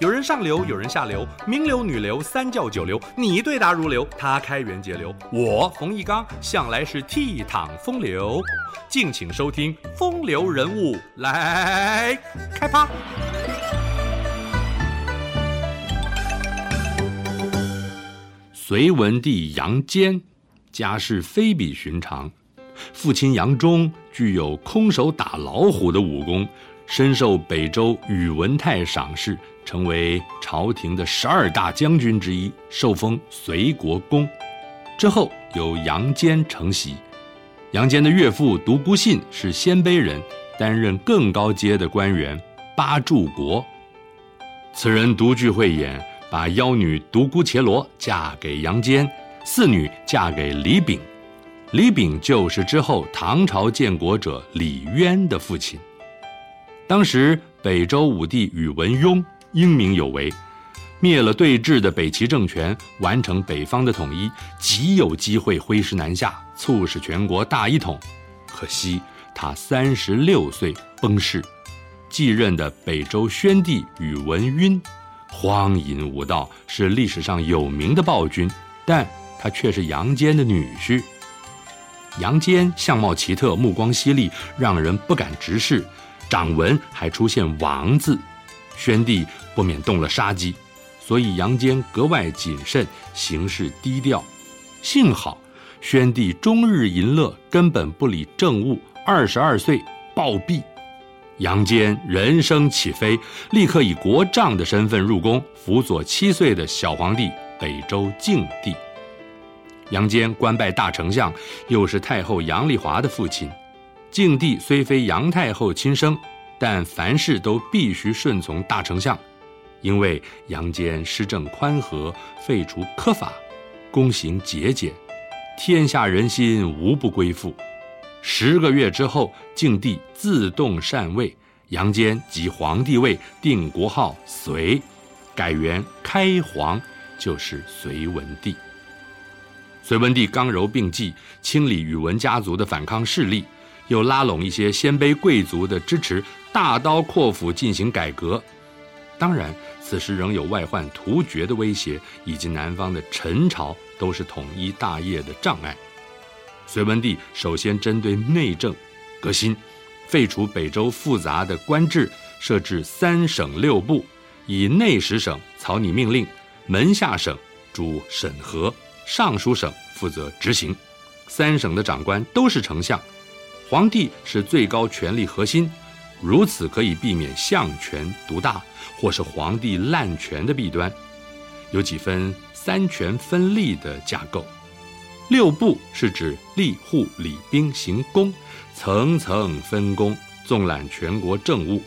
有人上流，有人下流，名流、女流、三教九流，你對答如流，他開源節流，我馮翊綱向來是倜儻風流。敬請收聽《風流人物》來，來開趴。隋文帝楊堅，家世非比尋常，父親楊忠具有空手打老虎的武功。深受北周宇文泰賞識，成為朝廷的十二大將軍之一，受封隨國公。之後由楊堅承襲。楊堅的岳父獨孤信是鮮卑人，擔任更高階的官員八柱國。此人獨具慧眼，把幺女獨孤伽羅嫁給楊堅，四女嫁給李炳。李炳就是之後唐朝建國者李淵的父親。當時北周武帝宇文邕英明有為，滅了對峙的北齊政權，完成北方的統一，極有機會揮師南下，促使全國大一統。可惜他三十六歲崩逝，繼任的北周宣帝宇文贇荒淫無道，是歷史上有名的暴君，但他卻是楊堅的女婿。楊堅相貌奇特，目光犀利，讓人不敢直視。掌紋還出現“王”字，宣帝不免動了殺機，所以楊堅格外謹慎，行事低調。幸好，宣帝終日淫樂，根本不理政務，二十二歲暴斃。楊堅人生起飛，立刻以國丈的身份入宮輔佐七歲的小皇帝北周靜帝。楊堅官拜大丞相，又是太后楊麗華的父親。靜帝雖非楊太后親生，但凡事都必須順從大丞相，因為楊堅施政寬和，廢除苛法，躬行節儉，天下人心，無不歸附。十個月之後，靜帝自動禪位，楊堅即皇帝位，定國號隋，改元開皇，就是隋文帝。隋文帝剛柔並濟，清理宇文家族的反抗勢力。又拉攏一些鮮卑貴族的支持，大刀闊斧進行改革。當然，此時仍有外患突厥的威脅，以及南方的陳朝都是統一大業的障礙。隋文帝首先針對內政革新，廢除北周複雜的官制，設置三省六部，以內史省草擬命令，門下省主審核，尚書省負責執行。三省的長官都是丞相。皇帝是最高權力核心，如此可以避免相權獨大或是皇帝濫權的弊端，有幾分三權分立的架構。六部是指吏、戶、禮、兵、刑、工，層層分工，縱攬全國政務。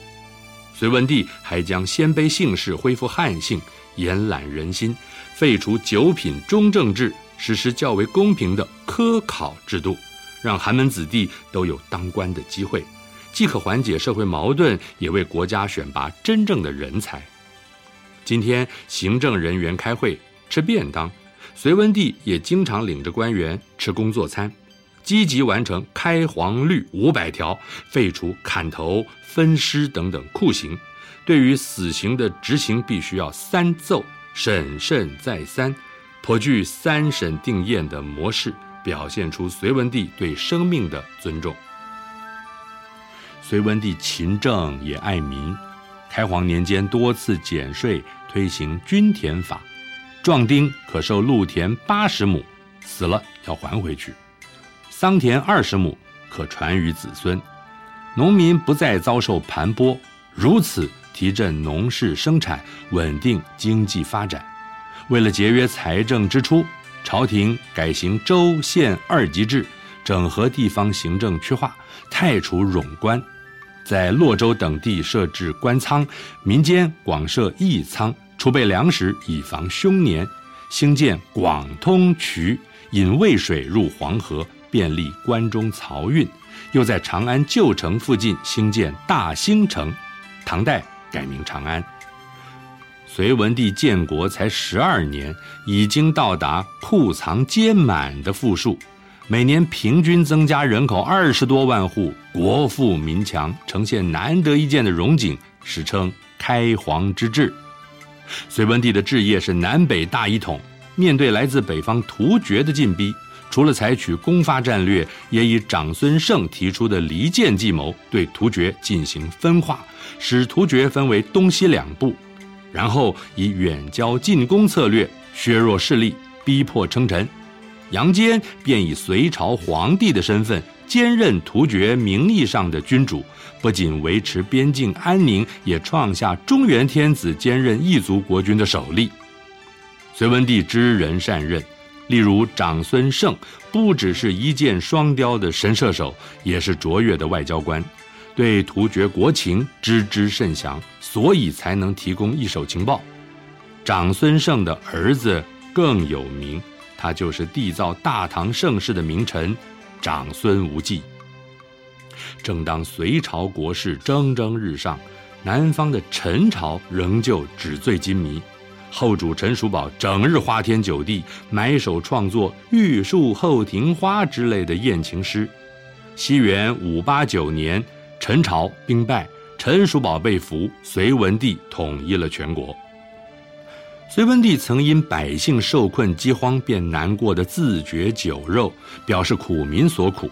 隋文帝還將鮮卑姓氏恢復漢姓，延攬人心，廢除九品中正制，實施較為公平的科考制度。讓寒門子弟都有當官的機會，既可緩解社會矛盾，也為國家選拔真正的人才。今天行政人員開會吃便當，隋文帝也經常領着官員吃工作餐，積極完成《開皇律》五百條，廢除砍頭、分屍等等酷刑。對於死刑的執行，必須要三奏審慎再三，頗具三審定讞的模式。表現出隋文帝對生命的尊重。隋文帝勤政也愛民，開皇年間多次減稅，推行均田法，壯丁可受露田八十畝，死了要還回去；桑田二十畝可傳於子孫，農民不再遭受盤剝，如此提振農事生產，穩定經濟發展。為了節約財政支出，朝廷改行州縣二級制，整合地方行政區劃，汰除冗官，在洛州等地設置官倉，民間廣設義倉，儲備糧食以防凶年。興建廣通渠，引渭水入黃河，便利關中漕運。又在長安舊城附近興建大興城，唐代改名長安。隋文帝建國才十二年，已經到達庫藏皆滿的富庶，每年平均增加人口二十多萬戶，國富民強，呈現難得一見的榮景，史稱開皇之治。隋文帝的志業是南北大一統。面對來自北方突厥的進逼，除了採取攻伐戰略，也以長孫晟提出的離間計謀對突厥進行分化，使突厥分為東西兩部。然後以遠交近攻策略削弱勢力，逼迫稱臣。楊堅便以隋朝皇帝的身份兼任突厥名義上的君主，不僅維持邊境安寧，也創下中原天子兼任異族國君的首例。隋文帝知人善任，例如長孫晟，不只是一箭雙雕的神射手，也是卓越的外交官。對突厥國情知之甚詳，所以才能提供一手情報。長孫晟的兒子更有名，他就是締造大唐盛世的名臣長孫無忌。正當隋朝國勢蒸蒸日上，南方的陳朝仍舊紙醉金迷，後主陳叔寶整日花天酒地，埋首創作《玉樹後庭花》之類的艷情詩。西元五八九年。陳朝兵敗，陳叔寶被俘，隋文帝統一了全國。隋文帝曾因百姓受困、饑荒，便難過的自絕酒肉，表示苦民所苦。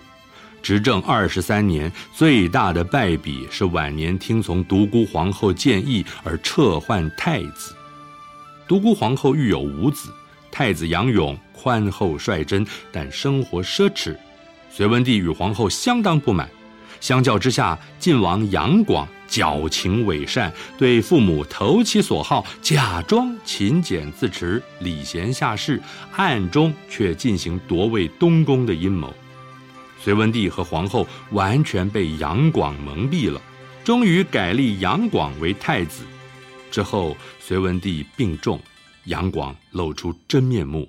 執政二十三年，最大的敗筆是晚年聽從獨孤皇后建議而撤換太子。獨孤皇后育有五子，太子楊勇寬厚率真，但生活奢侈，隋文帝與皇后相當不滿。相較之下，晉王楊廣矯情偽善，對父母投其所好，假裝勤儉自持、禮賢下士，暗中卻進行奪位東宮的陰謀。隋文帝和皇后完全被楊廣蒙蔽了，終於改立楊廣為太子。之後，隋文帝病重，楊廣露出真面目，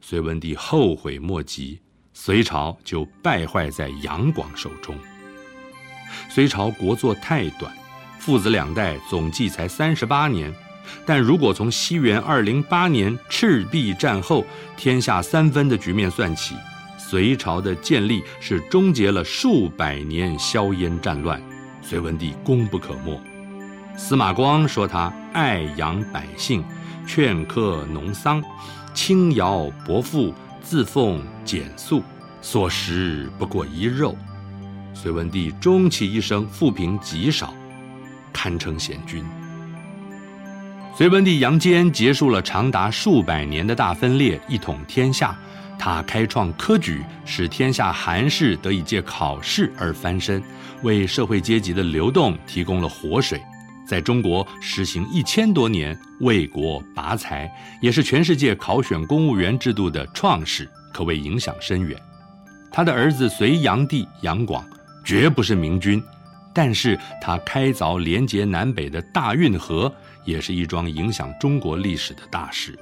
隋文帝後悔莫及，隋朝就敗壞在楊廣手中。隋朝國祚太短，父子兩代總計才三十八年。但如果從西元二零八年赤壁戰後天下三分的局面算起，隋朝的建立是終結了數百年硝煙戰亂，隋文帝功不可沒。司馬光說他愛養百姓，勸課農桑，輕徭薄賦，自奉儉素，所食不過一肉。隋文帝終其一生，負評極少，堪稱賢君。隋文帝楊堅結束了長達數百年的大分裂，一統天下。他開創科舉，使天下寒士得以借考試而翻身，為社會階級的流動提供了活水。在中國實行一千多年，為國拔才，也是全世界考選公務員制度的創始，可謂影響深遠。他的兒子隋煬帝楊廣。絕不是明君，但是他開鑿連接南北的大運河，也是一樁影響中國歷史的大事。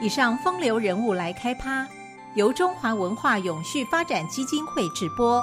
以上風流人物來開趴，由中華文化永續發展基金會直播。